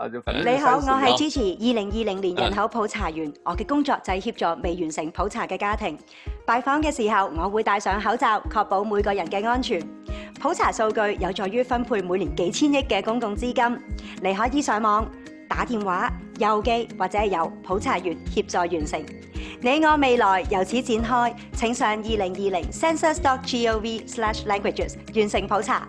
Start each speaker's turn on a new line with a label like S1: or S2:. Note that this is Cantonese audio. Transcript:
S1: 你好，我係支持
S2: 二零二零年人口普查員。嗯、我嘅工作就係協助未完成普查嘅家庭。拜訪嘅時候，我會戴上口罩，確保每個人嘅安全。普查數據有助於分配每年幾千億嘅公共資金。你可以上網、打電話、郵寄或者由普查員協助完成。你我未來由此展開，請上二零二零 census.gov/languages o 完成普查。